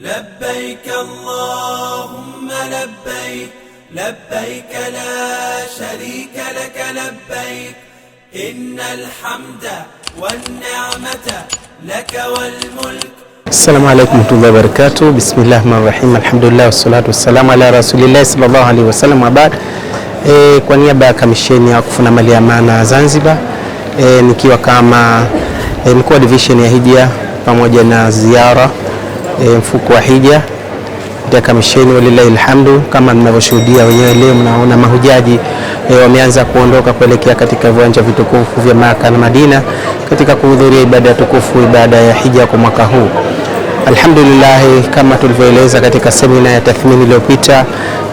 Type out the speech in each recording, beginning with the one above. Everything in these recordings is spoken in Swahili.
لبيك اللهم لبيك لبيك لا شريك لك لبيك إن الحمد والنعمة لك والملك السلام عليكم ورحمة الله وبركاته بسم الله الرحمن الرحيم الحمد لله والصلاة والسلام على رسول الله صلى الله عليه وسلم Wabad e, kwa niaba ya kamisheni ya kufuna mali ya amana Zanzibar e, nikiwa kama e, mkuu wa division ya Hija pamoja na ziara e, mfuko wa hija ya kamisheni, walilahi alhamdu. Kama mnavyoshuhudia wenyewe leo, mnaona mahujaji e, wameanza kuondoka kuelekea katika viwanja vitukufu vya Maka na Madina katika kuhudhuria ibada ya tukufu, ibada ya hija kwa mwaka huu. Alhamdulillah, kama tulivyoeleza katika semina ya tathmini iliyopita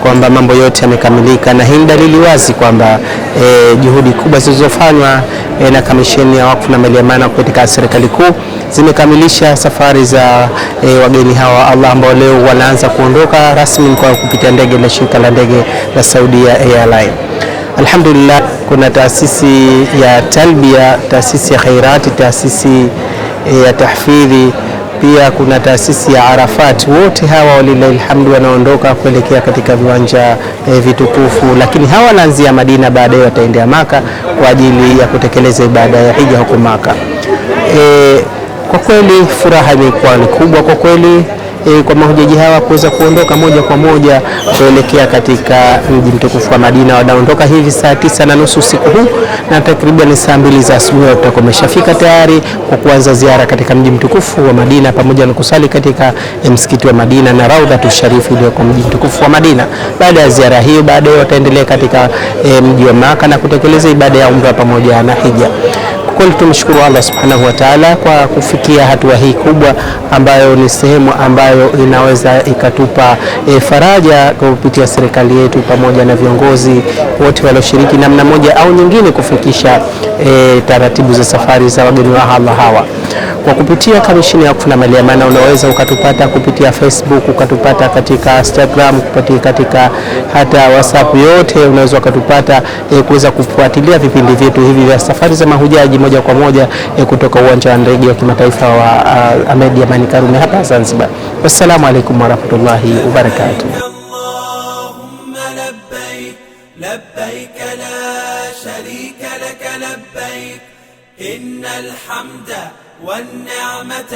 kwamba mambo yote yamekamilika, na hii ni dalili wazi kwamba e, juhudi kubwa zilizofanywa Eh, na Kamisheni ya Wakfu na Maliamana katika serikali kuu zimekamilisha safari za e, wageni hawa Allah ambao leo wanaanza kuondoka rasmi kwa kupitia ndege la shirika la ndege la Saudia Airline. Alhamdulillah, kuna taasisi ya Talbia, taasisi ya Khairati, taasisi eh, ya tahfidhi pia kuna taasisi ya Arafat. Wote hawa walilahi lhamdu wanaondoka kuelekea katika viwanja e, vitukufu, lakini hawa wanaanzia Madina, baadaye wataendea Maka kwa ajili ya kutekeleza ibada ya hija huko Maka. E, kwa kweli furaha imekuwa ni kubwa kwa kweli e, kwa mahujaji hawa kuweza kuondoka moja kwa moja kuelekea katika mji mtukufu wa Madina. Wanaondoka hivi saa tisa na nusu usiku huu na takriban saa mbili za asubuhi watakuwa wameshafika tayari kwa kuanza ziara katika mji mtukufu wa Madina pamoja na kusali katika eh, msikiti wa Madina na Raudhatu Sharifu iliyoko mji mtukufu wa Madina. Baada ya ziara hiyo, baadaye wataendelea katika eh, mji wa Maka na kutekeleza ibada ya umra pamoja na hija kweli tumshukuru Allah subhanahu wa taala kwa kufikia hatua hii kubwa, ambayo ni sehemu ambayo inaweza ikatupa e, faraja kupitia serikali yetu pamoja na viongozi wote walioshiriki namna moja au nyingine kufikisha e, taratibu za safari za wageni wa Allah hawa. Kwa kupitia kamishini ya kufuna maana, unaweza ukatupata kupitia Facebook, ukatupata katika Instagram, kupitia katika hata WhatsApp, yote unaweza ukatupata e, kuweza kufuatilia vipindi vyetu hivi vya safari za mahujaji moja kwa moja e, kutoka uwanja wa ndege wa kimataifa wa uh, Ahmed Amani Karume hapa Zanzibar. Wassalamu alaikum warahmatullahi wabarakatuh. والنعمة